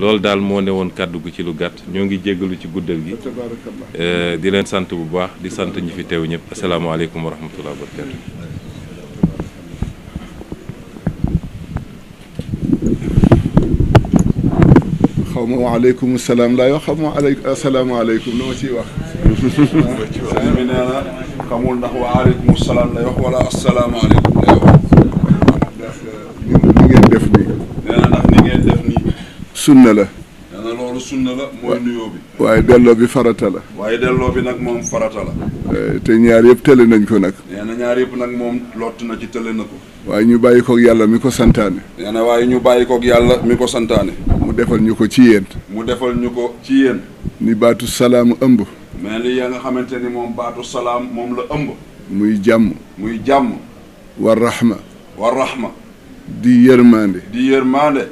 loolu daal moo ne woon kàddu gu ci lu gàtt ñoo ngi jéggalu ci guddal gi eh, di leen sant bu baax di sant ñi fi teew ñëpp asalaamaaleykum wa rahmatullah wa barakatu xaw salaam laay xaw ma asalaamaaleykum na ma ciy wax salaam lay wax wala asalaamaaleykum sunna la nee na loolu sunna la mooy nuyoo waaye delloo bi farata la waaye delloo bi nag moom farata la eh, te ñaar yëpp tële nañ ko nag nee ñaar yëpp nag moom lott na ci tële na ko waaye ñu bàyyi kook yàlla mi ko santaane nee na waaye ñu bàyyi kook yàlla mi ko santaane mu defal ñu ko ci yéen mu defal ñu ko ci yéen ni baatu salaam ëmb mais li ya nga xamante ni moom baatu salaam moom la ëmb muy jàmm muy jàmm war rahma war rahma di yërmande di yërmande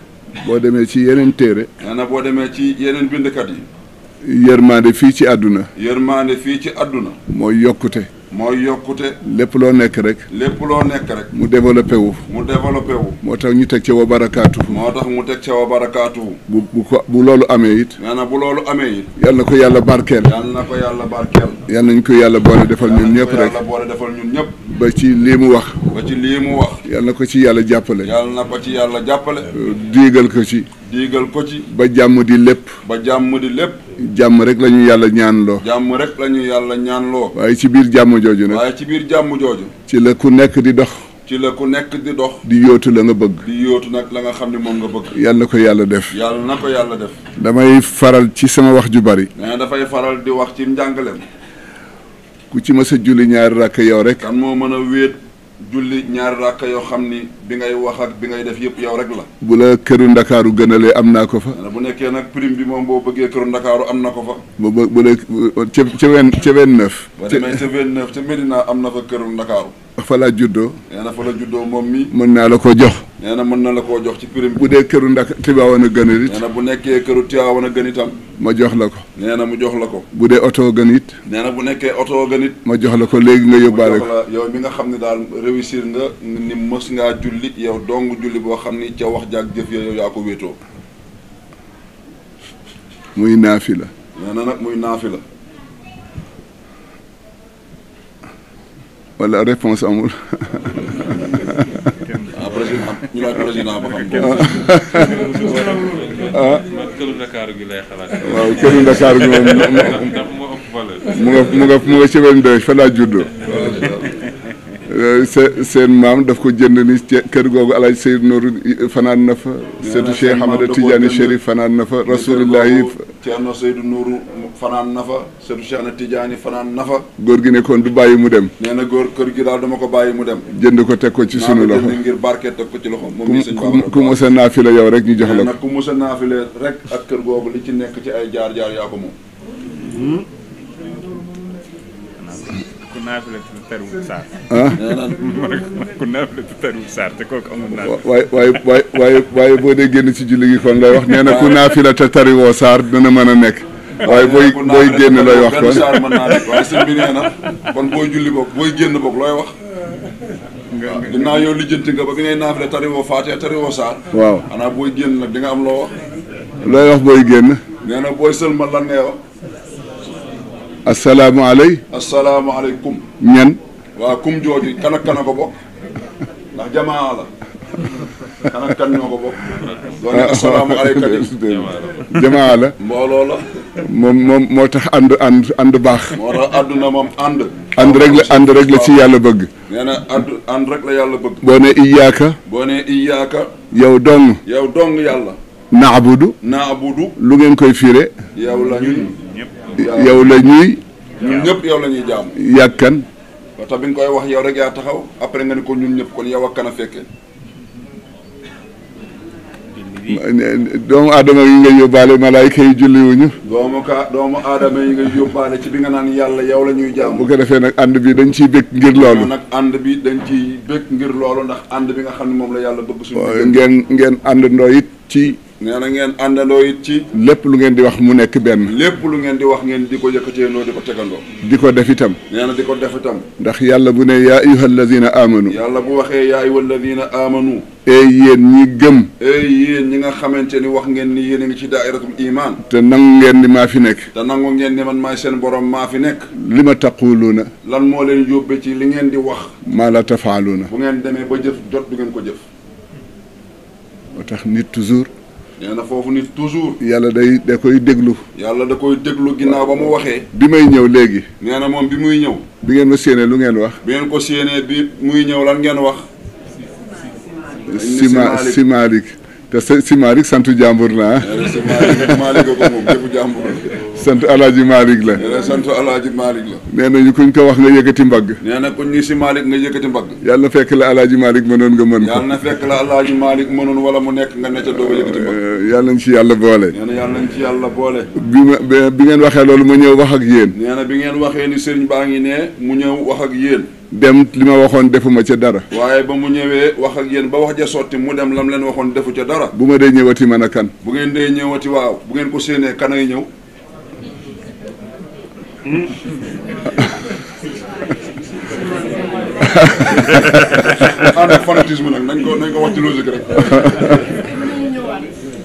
boo demee ci yeneen téere nee boo demee ci yeneen bindkat yi yërmaande fii ci àdduna yërmaande fii ci àdduna mooy yokkute mooy yokkute lépp loo nekk rek lépp loo nekk rek mu développé wu mu développé wu moo tax ñu teg ca wa barakaatuhu moo tax mu teg ca wa barakaatu bu bu ko bu loolu amee it nee bu loolu amee it yal na ko yàlla barkeel yal na ko yàlla barkeel yal nañ ko yàlla boole defal ñun ñëpp rek yàlla boole ñun ñëpp ba ci lii mu wax. ba ci lii mu wax. yal na ko ci yàlla jàppale. yal na ko ci yàlla jàppale. diigal ko ci. diigal ko ci. ba jàmm di lépp. ba jàmm di lépp. jàmm rek la yàlla ñaanloo. jàmm rek la ñu yàlla ñaanloo. waaye ci biir jàmm jooju nag. waaye ci biir jàmm jooju. ci la ku nekk di dox. ci la ku nekk di dox. di yóotu la nga bëgg. di yóotu nag la nga xam ne moom nga bëgg. yàlla na ko yàlla def. yàlla na yàlla def. damay faral ci sama wax ju bari. mais dafay faral di wax ci njàngaleem. ku ci mës a julli ñaari rakk yow rek kan moo mën a wéet julli ñaari rakk yoo xam ni bi ngay wax bi ngay def yëpp yow rek la bu la këru ndakaaru gënalee am naa ko fa bu nekkee nag prime bi moom boo bëggee këru ndakaaru am na ko fa bu ba bu la ca ca vingt ca vingt neuf ca vingt neuf ca Médina am na fa këru ndakaaru fa la juddoo na fa juddoo moom mi mën naa la ko jox nee na mën na la koo jox ci prime bu dee këru ndak Tiwaawan a gën a na bu nekkee këru Tiwaawan a gën itam ma jox la ko nee na mu jox la ko bu dee oto gën it nee bu nekkee oto gën it ma jox la ko léegi nga yóbbaale ko yow mi nga xam ne daal réussir nga ni mës ngaa julli yow dong julli boo xam ni ca wax jaag jëf yow yaa ko wéetoo muy naafi la nee na nag muy naafi la wala réponse amul ñu laaj président ba xam. Ah. mu nga mu nga mu nga semaine seen maam def ko jënd ni kër googu alaaj Seydou Nour fanaan na fa. seetu Cheikh Ahmada Tidiane Chérif fanaan na fa. rasulillahi Thierno Seydou Nourou. fanaan na fa sëtu Cheikh na Tidiane fanaan na góor gi nekkoon kon du bàyyi mu dem nee góor kër gi daal dama ko bàyyi mu dem jënd ko teg ko ci sunu loxo jënd ngir barke teg ko ci loxo moom nii sëñ ku musa naafila yow rek ñu jox la ko nag ku musa rek ak kër googu li ci nekk ci ay jaar jaar yaa ko moom naafila tu tarwul saar ah? ku naafila tu tarwul saar te kooku amul waaye waaye waaye waaye boo dee génn ci julli gi kon lay wax nee na ku naafila te tariwoo saar dana mën a nekk waaye booy booy génn looy wax kon bi nee kon booy julli boog booy génn boog looy wax ginnaaw yow lijjanti nga ba gi ngay naafle tariwoo faatee tariwoo xanaa booy génn nag di nga am loo wax looy wax booy génn nee na booy sëlmal lan ngay wax assalaamu aley assalaamu aleykum ñan waa kum jooju kan ak a ko bokk ndax jamaa la kan kan ñoo ko bokk loolu assalaamu aleykum jamaa la moom moom moo tax ànd ànd ànd baax. moo tax àdduna moom ànd. ànd rek la ànd rek la ci yàlla bëgg. nee na ànd ànd rek la yàlla bëgg. boo ne Iyyaaka. boo nee Iyyaaka. yow dong. yow dong yàlla. naabudu. naabudu. lu ngeen koy fiire. yow la ñuy. yow la ñuy. ñun ñëpp yow la ñuy jaam. yàkkan. ba tax bi nga koy wax yow rek yaa taxaw après nga ni ko ñun ñëpp kon yow ak kan a bi doomu aadama yi nga yóbbaale malaayka yi julliwuñu doomu ka doomu aadama yi nga yóbbaale ci bi nga naan yàlla yow la ñuy jaam bu ko defee nag ànd bi dañ ciy bëgg ngir loolu nag ànd bi dañ ciy bëgg ngir loolu ndax ànd bi nga xam ne moom la yàlla bëgg suñu ngeen ngeen ànd ndoo ci nee na ngeen àndandoo it ci lépp lu ngeen di wax mu nekk benn lépp lu ngeen di wax ngeen di ko yëkkateendoo di ko tegandoo di ko def itam nee na di ko def itam ndax yàlla bu ne yaa ayuha alladina amanu yàlla bu waxee yaa ayuha alladina amanu ey yéen ñi gëm ey yéen ñi nga xamante ni wax ngeen ni yéen a ngi ci daairatul iman te nangu ngeen ni maa fi nekk te nangu ngeen ni man maay seen borom maa fi nekk li ma taquluuna lan moo leen yóbbe ci li ngeen di wax maa la tafaaluuna bu ngeen demee ba jëf jot du ngeen ko jëf moo tax nit toujours nee na foofu nit toujours. yàlla day da koy déglu. yàlla da koy déglu ginnaaw ba mu waxee. bi may ñëw léegi. nee na moom bi muy ñëw. bi ngeen ma séenee lu ngeen wax. bi ngeen ko séenee bi muy ñëw lan ngeen wax. simaalik simaalik. te si Malick sant jàmbur la ah. si Malick Malick ko moom jëfu jàmbur la. sant El Hadj Malick la. nee na sant El Hadj Malick la. nee na ñu kuñ ko wax nga yëkkati mbagg. nee na kuñ ñu si Malick nga yëkkati mbagg. yàlla fekk la El Hadj Malick mënoon nga mën ko. yàlla na fekk la El Hadj Malick mënoon wala mu nekk nga ne ca doo yëkkati mbagg. Eh, yàlla nañ ci yàlla boole. nee na yàlla nañ ci yàlla boole. bi ma bi ngeen waxee loolu ma ñëw wax ak yéen. nee na bi ngeen waxee ni sëriñ baa ngi ne mu ñëw wax ak yéen dem li ma waxoon defuma ca dara waaye ba mu ñëwee wax ak yéen ba wax ja sotti mu dem lam leen waxoon defu ca dara bu ma dee ñëwati man a kan bu ngeen dee ñëwati waaw bu ngeen ko séenee kan ay ñëw ah fanatisme nag nañ ko nañ ko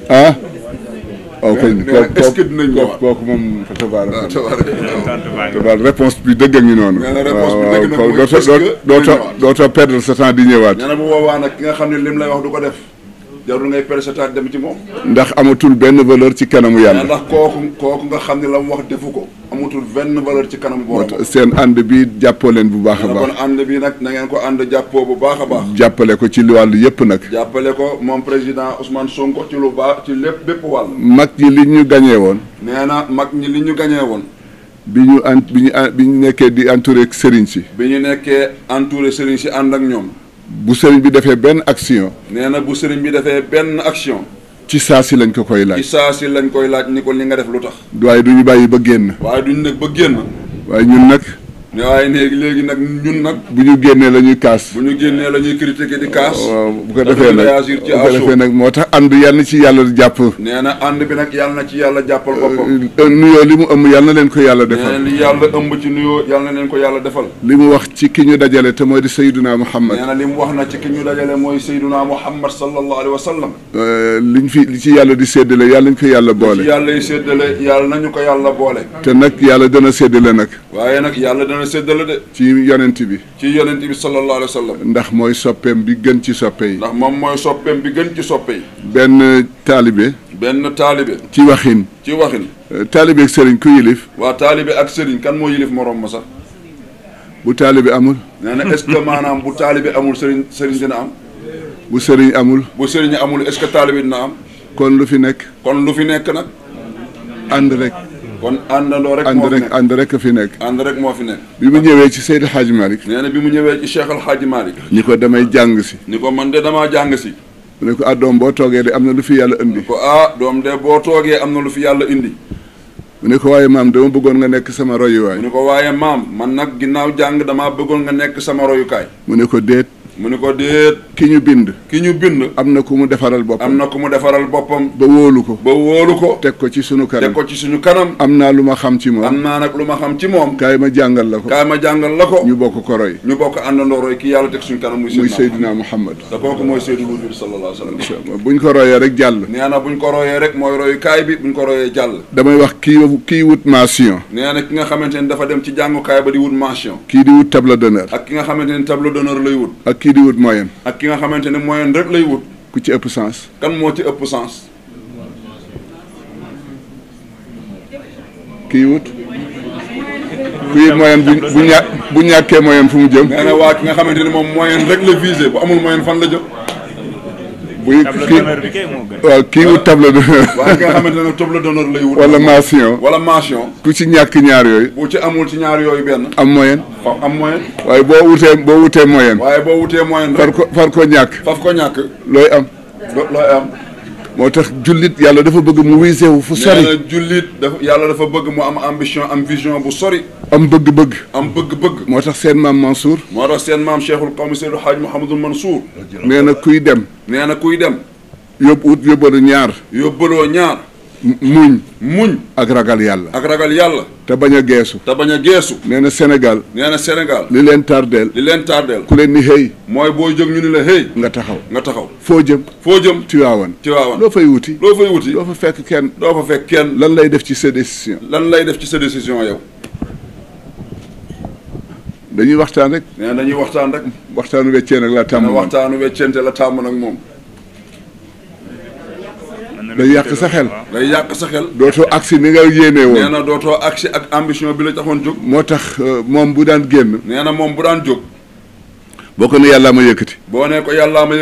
ah waaw kañ est ko kooku moom fa tabaar ah, tabaar ah, réponse bi dëgg a ngi noonu ah, waaw doo ta doo ta perdre sa temps di ñëwaat nee na bu boobaa nag ki nga xam ne lim lay wax du ko def jarul ngay persetaat dem ci moom. ndax amatul benn valeur ci kanamu yàlla. ndax kooku kooku nga xam ne la mu wax defu ko. amatul benn valeur ci kanamu borom. seen ànd bi jàppoo leen bu baax a baax. ànd bi nag na ko ànd jàppoo bu a baax. jàppale ko ci wàllu yëpp nag. jàppale ko moom président Ousmane Sonko ci lu baax ci lépp bépp wàll. mag ñi li ñu gañee woon. nee na mag ñi li ñu gañee woon. bi ñu an bi ñu bi ñu nekkee di entouré Serigne si. bi ñu nekkee entouré Serigne si ànd ak ñoom. bu sëriñ bi defee benn action. nee nag bu sëriñ bi defee benn action. ci saa si lañ ko koy laaj. ci saa si lañ koy laaj ni ko li nga def lu tax. waaye du ñu bàyyi ba génn. waaye du ñu nag ba génn. waaye ñun nag. waaye léegi léegi nag ñun nag. bu ñu génnee la ñuy kaas. bu ñu génnee la ñuy critiquer di kaas. waaw bu ko defee nag moo tax ànd yàlla na ci yàlla jàpp. nee na ànd bi nag yàlla na ci yàlla jàppal euh, boppam. Euh, nuyoo li mu ëmb yàlla na leen ko yàlla defal. li yàlla ëmb ci nuyoo yàlla na ko yàlla defal. li mu wax ci ki ñu dajale te mooy di Sayyiduna Muhammad. nee na li mu wax na ci ki ñu dajale mooy Sayyiduna Muhammad sallallahu alayhi wa sallam. Euh, liñ fi li ci yàlla di séddale yàlla nañ ko yàlla boole. li ci yàlla yi séddale ko yàlla boole. te nag yàlla dana séddale nag. waaye nag yàlla dana séddale de. ci yonent bi. ci yonent bi sallallahu alayhi wa ndax mooy soppeem bi gën ci soppe yi. ndax moom mooy soppeem bi gën ci soppe yi. benn taalibe. benn taalibe. ci waxin. ci waxin. Euh, taalibe ak sëriñ ku yilif. waa taalibe ak sëriñ kan moo yilif moroom ma sax. bu taalibe amul. nee na est-ce maanaam bu taalibe amul sëriñ sëriñ dina am. bu sëriñ amul. bu sëriñ amul est-ce que taalibe dina am. kon lu fi nekk. kon lu fi nekk nag. ànd rek. kon àndandoo rek ànd rek ànd rek fi nekk ànd rek moo fi nekk bi mu ñëwee ci Seydi Hadji Malick nee bi mu ñëwee ci Cheikh Al Hadji ni ko damay jàng si ni ko man de damaa jàng si mu ne ko ah doom boo toogee de am na lu fi yàlla indi ko ah doom de boo toogee am na lu fi yàlla indi mu ne ko waaye maam dama bëggoon nga nekk sama royuwaay mu ne ko waaye maam man nag ginnaaw jàng damaa bëggoon nga nekk sama royukaay mu ne ko déet mu ne ko déet ki ñu bind ki ñu bind am na ku mu defaral boppam am na ku mu defaral boppam ba wóolu ko ba wóolu ko teg ko ci suñu kanam teg ko ci suñu kanam am naa lu ma xam ci moom am naa nag lu ma xam ci moom kaay ma jàngal la ko kaay jàngal la ko ñu bokk ko roy ñu bokk àndandoo roy ki yàlla teg suñu kanam muy Seydina Muhammad te kooku mooy Seydina Muhammad sallallahu alayhi wa sallam ñu ko royee rek jàll nee bu ñu ko royee rek mooy royu kaay bi buñ ko royee jàll damay wax kii kii wut mention nee na ki nga xamante ne dafa dem ci jàngukaay ba di wut mention kii di wut table d'honneur ak ki nga xamante ne table d'honneur lay wut kii di wut moyenne. ak ki nga xamante ne moyenne rek lay wut. ku ci ëpp sens. kan moo ci ëpp sens. kii wut. kuy moyenne bu bu ñàkkee moyenne fu mu jëm. nee waa ki nga xamante ne moom moyenne rek la visé bu amul moyenne fan la jëm. buy kii kii wut table d'honneur waaw nga xamante ne table lay wut wala mention wala mention ku ci ñàkk ñaar yooyu bu ci amul ci ñaar yooyu benn am moyen am moyen waaye boo wutee boo wutee moyen waaye boo wutee moyen far ko far ko ñàkk faf ko ñàkk looy am looy am moo tax jullit yàlla dafa bëgg mu wisewu fu sori nee na jullit yàlla dafa bëgg mu am ambition am vision bu sori am bëgg-bëgg am bëgg-bëgg moo tax seen maam Mansour moo tax seen maam cheikhul qawmi seydul haaj Mouhamadul Mansour nee na kuy dem nee na kuy dem yóbbu ut yóbbaloo ñaar yóbbaloo ñaar muñ muñ ak ragal yàlla ak te bañ a geesu te bañ a geesu nee na Sénégal nee na Sénégal li leen tardeel li leen tardeel ku leen ni xëy mooy boo jóg ñu ni la xëy nga taxaw nga taxaw foo jëm foo jëm Tiwaawan Tiwaawan loo fay wuti loo fay wuti doo fa fekk kenn doo fa fekk kenn lan lay def ci sa décision lan lay def ci sa décision yow dañuy waxtaan rek nee dañuy waxtaan rek waxtaanu weccee nag la tàmm waxtaanu weccente la tàmm nag moom day yàq sa xel day yàq sa xel dootoo agsi ni nga yéenee woon nee na dootoo agsi ak ambition bi la taxoon jóg moo tax euh, moom bu daan génn nee na moom bu daan jóg boo ko ne yàllaa ma yëkkati boo ne ko yàllaa ma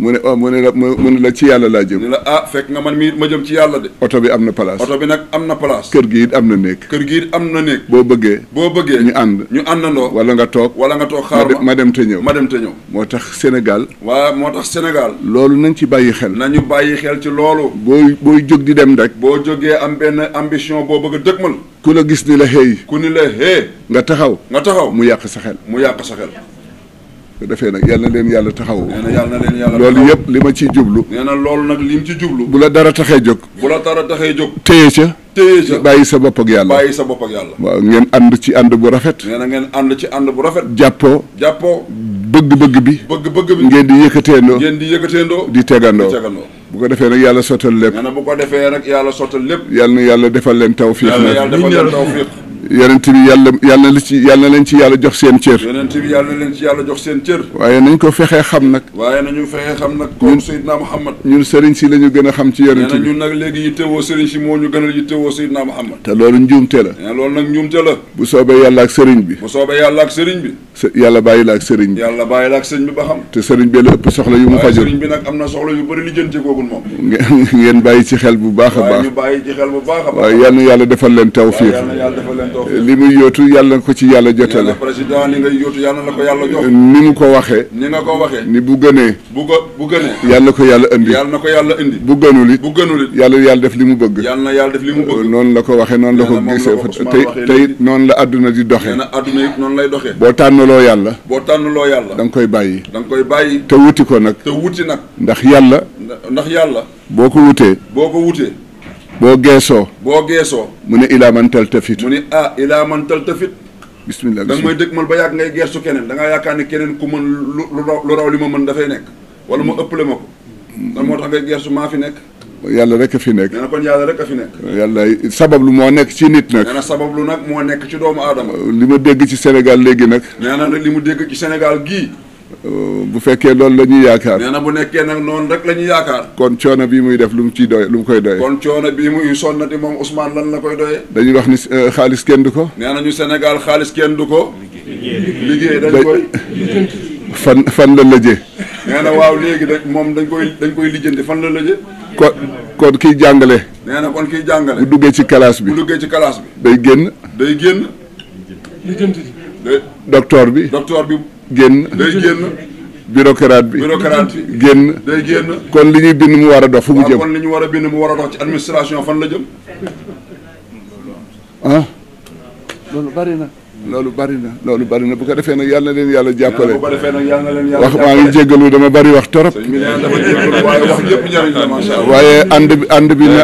mu ne o ah mu ne la mu ne la ci yàlla laa jëm ni la ah fekk nga man mii ma jëm ci yàlla de oto bi am na place oto bi nag am na place kër gi it am na néeg kër gi it am na néeg boo bëggee boo bëggee ñu ànd ñu àndandoo wala nga toog wala nga toog xaar ma dem te ñëw ma dem te ñëw moo tax Sénégal waaw moo tax Sénégal loolu nañ ci bàyyi xel nañu bàyyi xel ci loolu booy booy jóg di dem rek boo jógee am benn ambition boo bëgg a dëgmal ku la gis ni la xëy ku ni la nga taxaw nga taxaw mu yàq sa mu yàq sa ko defee nag yal na leen yàlla taxawu nee na yal na loolu yëpp li ma ciy jublu nee na loolu nag li mu ci jublu bu la dara taxee jóg bu la dara taxee jóg téye ca téye ca bàyyi sa bopp ak yàlla bàyyi sa bopp yàlla waaw ngeen ànd ci ànd bu rafet nee na ngeen ànd ci ànd bu rafet jàppoo jàppoo bëgg-bëgg bi bëgg-bëgg bi ngeen di yëkkateendoo ngeen di yëkkateendoo di tegandoo di tegandoo bu ko defee nag yàlla sottal lépp nee na bu ko defee nag yàlla sottal lépp yal yàlla defal leen tawfiq nag yàlla defal leen tawfiq yonent bi yàlla yàlla na ci na leen ci yàlla jox seen cër. yonent bi yàlla na leen ci yàlla jox seen cër. waaye nañ ko fexee xam nag. waaye nañu fexee xam nag. comme Seydina Muhammad. ñun sëriñ si la ñu gën a xam ci yonent bi. ñun nag léegi yittewoo sëriñ si moo ñu gën a yittewoo Seydina Muhammad. te loolu njuumte la. loolu nag njuumte yàlla ak sëriñ bi. bu soobee yàlla ak sëriñ bi. yàlla bàyyi la ak sëriñ bi. yàlla bàyyi la ak ba xam. te sëriñ bi la ëpp soxla yu mu fajul. sëriñ bi nag am na soxla yu bëri lijjanti koogul moom. ngeen bàyyi ci xel bu baax a baax. waaye ñu bàyyi ci xel yàlla defal leen tawfiq. yal na yàlla defal leen tawfiq Eh, li muy yóotu yàlla na ko ci yàlla jotale président li ngay yóotu yàlla na ko yàlla jox eh, ni mu ko waxee ni nga ko waxee bu gënee bu ko bu gënee yàlla na ko yàlla indi yàlla na ko yàlla indi bu gënul it bu gënul yàlla yàlla def li mu bëgg yàlla na yàlla li mu eh, noonu la ko waxee noonu la ko gisee tey tey noonu la àdduna di doxee na àdduna it noonu lay doxee boo tànnaloo yàlla boo tànnaloo yàlla da koy bàyyi da nga koy bàyyi te wuti ko nag te wuti nag ndax yàlla ndax yàlla boo ko wutee boo ko wutee boo geesoo. boo geesoo. mu ne ilaa man taltafit. mu ne ah ilaa man taltafit. bismillah da nga may dëgmal ba yàgg ngay geesu keneen da ngaa yaakaar ne keneen ku mën lu lu raw li ma mën dafay nekk. wala mu ëppale ma ko. lan moo tax ngay geesu maa fi nekk. yàlla rek a fi nekk. nee na kon yàlla rek a fi nekk. yàlla sabab lu moo nekk ci nit nag. nee na sabab lu nag moo nekk ci doomu aadama. li ma dégg ci Sénégal léegi nag. nee na nag li mu dégg ci Sénégal gii. Euh, bu fekkee loolu la ñuy yaakaar. nee na bu nekkee nag noonu rek la yaakaar. kon coono bi muy def lu mu ciy doye lu mu koy doye. kon coono bii muy sonnati moom Ousmane lan la koy doye. dañuy wax ni euh, xaalis kenn du ko. nee na ñu Sénégal xaalis kenn du ko. liggéey dañ koy. fan fan la lëjee. nee na waaw léegi rek moom dañ koy dañ koy lijjanti fan la lëjee. kon kon kiy jàngale. nee na kon kiy jàngale. bu duggee ci classe bi bu duggee ci classe bi. day génn. day génn. lijjanti. bi. génn. day génn. bureaucrate bi bureaucrate bi génn. day kon li ñuy bind mu war a dox fu mu jëm. kon li ñu war a bind mu war a dox ci administration fan la jëm. ah. bari na. loolu bari na loolu bari na bu ko defee nag yal na yàlla jàppale. wax maa ngi jéggalu dama bari wax torop waaye wax yëpp njëriñ la macha allah. waaye ànd bi ànd bi na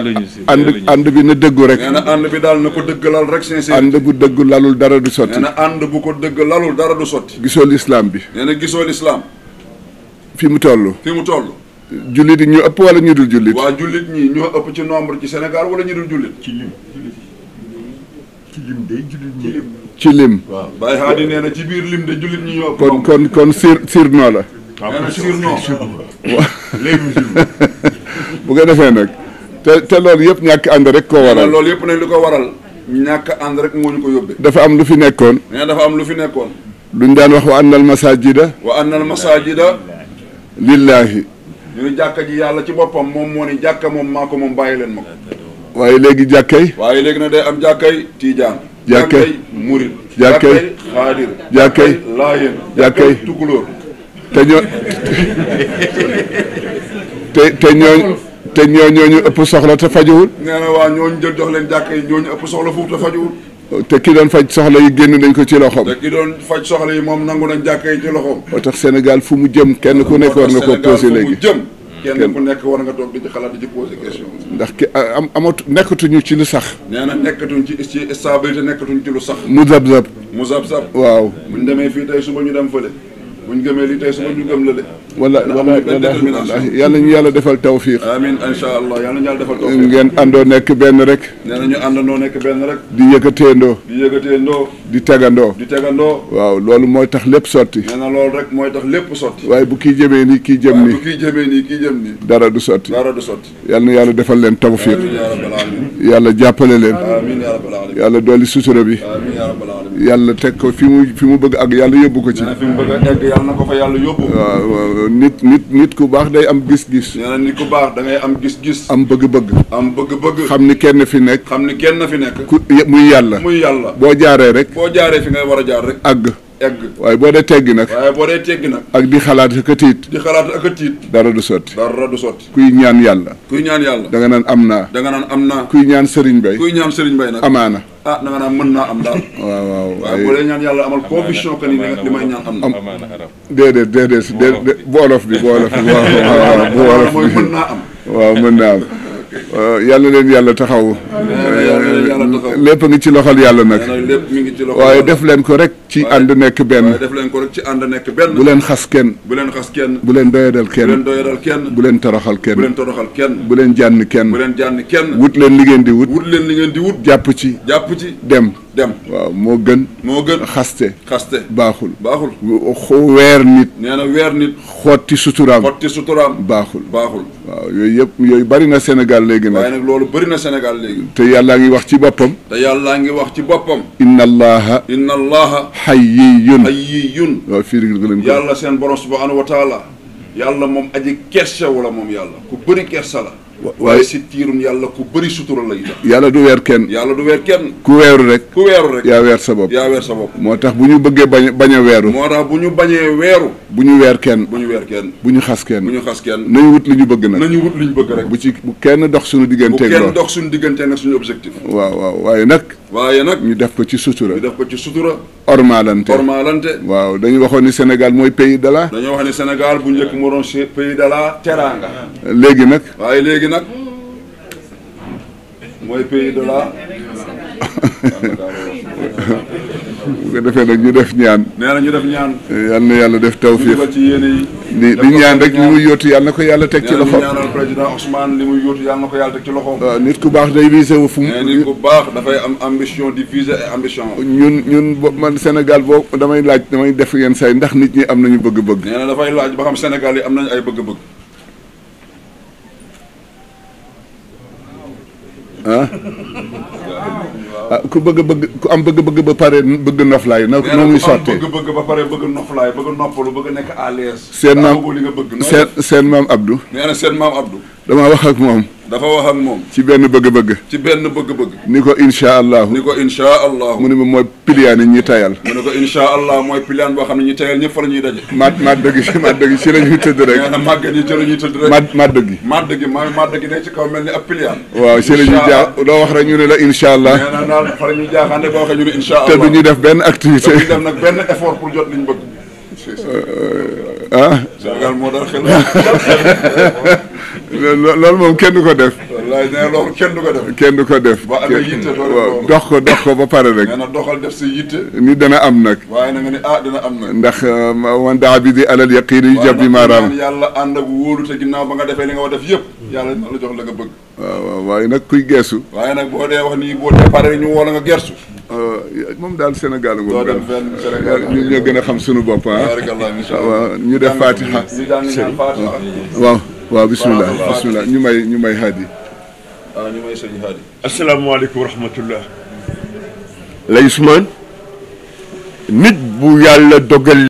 ànd ànd bi na dëggu rek. na ànd bi daal na ko dëgg lal rek. sincère ànd bu dëgg lalul dara du sotti. na ànd bu ko dëgg lalul dara du sotti. gisoo lislaam bi. nee na gisoo lislaam. fi mu toll. fi mu toll. jullit yi ñu ëpp wala ñu dul jullit. waa jullit ñi ñoo ëpp ci nombre ci Sénégal walla ñu dul jullit. ci lim. ci lim de ci lim waaw Baye Hadi nee na ci biir lim de jullit ñi ñoo kon kon siir sir sirno la waaw ah, sirno bu ko defee nag te te loolu yëpp ñàkk ànd rek ko waral loolu yëpp nag li ko waral ñàkk ànd rek moo ñu ko yóbbee dafa am lu fi nekkoon nee dafa am lu fi nekkoon luñ daan wax wa annal masajida wa annal masajida lillaahi ñu ne jàkka ji yàlla ci boppam moom moo ni jàkka moom maa ko moom bàyyi leen ma ko waaye léegi jàkkay waaye léegi nag day am jàkkay tiijaan jàkkay murit jàkkay xaadir jàkkay laayeen jàkkay tukulóor te ñoo te te ñooñ ñoo ñu ëpp soxla te fajuwul nee na waa ñooñu jël jox leen jàkkay ñooñu ëpp soxla foofu te fajuwul te ki doon faj soxla yi génn nañ ko ci loxoom. te ki doon faj soxla yi moom nangu nañ jàkkee ci loxoom. moo tax Sénégal fu mu jëm kenn ku nekk war na ko posé léegi. kenn ku nekk war nga toog di ci xalaat di ci posé question. ndax ki am amatu nekkatuñu ci lu sax. nee na nekkatuñ ci ci stabilité nekkatuñ ci lu sax. mu zab zab. mu zab zab. waaw. buñ demee fii tey suba ñu dem fële. bu ñu gëmee lii tey suba ñu gëm yàlla ñu yàlla defal tawfiq. amiin incha allah yàlla ñu yàlla defal ngeen àndoo nekk benn rek. na ñu àndandoo nekk benn rek. di yëkkateendoo. di yëkkateendoo. di tegandoo. di tegandoo. waaw loolu mooy tax lépp sotti. nee na rek mooy tax lépp sotti. waaye bu kii jëmee nii kii jëm nii. kii jëmee nii kii jëm dara du sotti. dara du sotti. yàlla na yàlla defal leen tawfiq. yàlla jàppale leen. yàlla dolli sutura bi. yàlla teg ko fi mu fi mu bëgg ak yàlla yóbbu ko ci yàlla na ko fa yàlla yóbbu. waaw nit nit nit ku baax day am gis-gis. nee na ku baax da ngay am gis-gis. am bëgg-bëgg. am bëgg-bëgg. xam ni kenn fi nekk. xam ni kenn fi nekk. ku muy yàlla. muy yàlla boo jaaree rek. boo jaaree fi ngay war a jaar rek. àgg. egg waaye boo dee teggi nag waaye boo dee teggi nag ak di xalaat ak a tiit xalaat ak a tiit dara du sotti kuy ñaan yàlla kuy ñaan yàlla da nga naan am na da nga naan am naa kuy ñaan sëriñ bay kuy ñaan sëriñ bay nag amaana ah da nga naan mën naa am daal waaw waaw waaye boo dee ñaan yàlla amal conviction que ni li may ñaan am na amaana déedéet déedéet déedéet boolof bi boolof bi waaw bi mooy mën naa am waaw mën naa am Euh, yàlla na leen yàlla taxaw euh, lépp ngi ci loxol yàlla nag lépp mi ngi ci loxol waaye def leen ko rek ci ànd nekk benn def leen ko rek ci ànd nekk benn bu leen xas kenn bu leen xas kenn bu leen doyadal kenn bu leen kenn bu leen toroxal kenn bu leen toroxal kenn bu leen jànn kenn bu leen jànn kenn wut leen li ngeen di wut wut leen li ngeen di wut jàpp ci jàpp ci dem dem waaw moo gën moo gën xaste xaste baaxul baaxul weer nit nee na weer nit xotti suturaam xotti suturaam baaxul baaxul waaw yooyu yëpp yooyu bari na Sénégal léegi nag waaye nag loolu bari na Sénégal léegi te yàllaa ngi wax ci boppam te yàllaa ngi wax ci boppam inna allaha inna allaha hayyiyun hayyiyun waaw fiiril leen yàlla seen borom subhanahu wa taala yàlla moom aji kersa wala moom yàlla ku bëri kersa la waaye si tiirum yàlla ku bëri sutura lay tax yàlla du weer kenn yàlla du weer kenn ku weeru rek ku weeru rek yaa weer sa bopp yaa sa bopp moo tax bu ñu bëggee bañ bañ a weeru moo tax bu ñu bañee weeru bu ñu weer kenn bu ñu weer kenn bu ñu xas kenn bu ñu xas kenn nañu wut li ñu bëgg nag nañu wut li ñu bëgg rek bu ci bu kenn dox suñu digganteeg loolu bu kenn dox suñu digganteeg nag suñu objectif waaw waaw waaye nag waaye nag ñu def ko ci sutura def ko ci sutura ormalante ormalante waaw dañu waxoon ni Sénégal mooy pays de la dañoo wax ne Sénégal bu njëkk moo doon pays de léegi nag waaye léegi nag mooy pays de bu ñu def ñaan. nee na ñu def ñaan. yal na yàlla def tawfiix di di ñaan rek li muy yóotu yàlla na ko yàlla teg ci loxo. ñaanal ah, président Ousmane li muy yóotu ko yàlla teg ci nit ku baax day visé wu fu mu. baax dafay am ambition di visé ay ambition. ñun ñun man Sénégal boo damay laaj damay def yenn say ndax nit ñi am nañu bëgg-bëgg. nee na dafay laaj ba xam Sénégal yi am nañu ay bëgg-bëgg. Ah? Ah, ku bëgg bëgg ku am bëgg bëgg ba pare bëgg noflaay na muy sottee bëgg bëgg ba pare bëgg noflaay bëgg noppalu bëgg nekk à l'aise seen maam seen seen maam Abdou nee na seen maam Abdou damaa wax ak moom dafa wax ak moom. ci benn bëgg-bëgg. ci benn bëgg-bëgg. ni ko incha allahu. ni ko incha allahu. mu ne ma mooy piliyaan yi ñuy tayal. mu ne ko incha allah mooy piliyaan boo xam ne ñuy tayal ñëpp fa la ñuy daje. maat maat dëgg si maat dëgg si la ñuy tëdd rek. nee na màggat yi ci la ñuy tëdd rek. maat maat dëgg. maat dëgg mooy maat dëgg day ci kaw mel ni ab piliyaan. waaw wax rek ñu ne la incha allah. nee na daal fa la ñuy jaaxaande boo waxee def benn activité. te du ñu def benn effort pour jot li ñu bëgg euh, ah sargal moo dal xel loolu moom kenn du ko def wallaay nee loolu kenn du ko def kenn du ko def ba amee yitte waaw dox ko dox ko ba pare rek nee na doxal def si yitte ni dana am nag waaye na nga ne ah dana am nag ndax um, man daa bi di alal yaqiin yu jab bi maaraam yàlla ànd ak te ginnaaw ba nga defee li nga war def yëpp yàlla dina la jox la nga bëgg waaye nag kuy geesu waaye nag boo dee wax nii boo dee pare ñu woo nga gersu Euh, moom daal Sénégal ngoo euh, ñun ñoo gën a xam sunu bopp ah, ah waaw ñu def fatiha waaw waaw bisimilah bisimilah ñu may ñu may haadi waaw ah, ñu may sëñ haadi asalaamaaleykum wa rahmatullah lay Ousmane bu yàlla dogal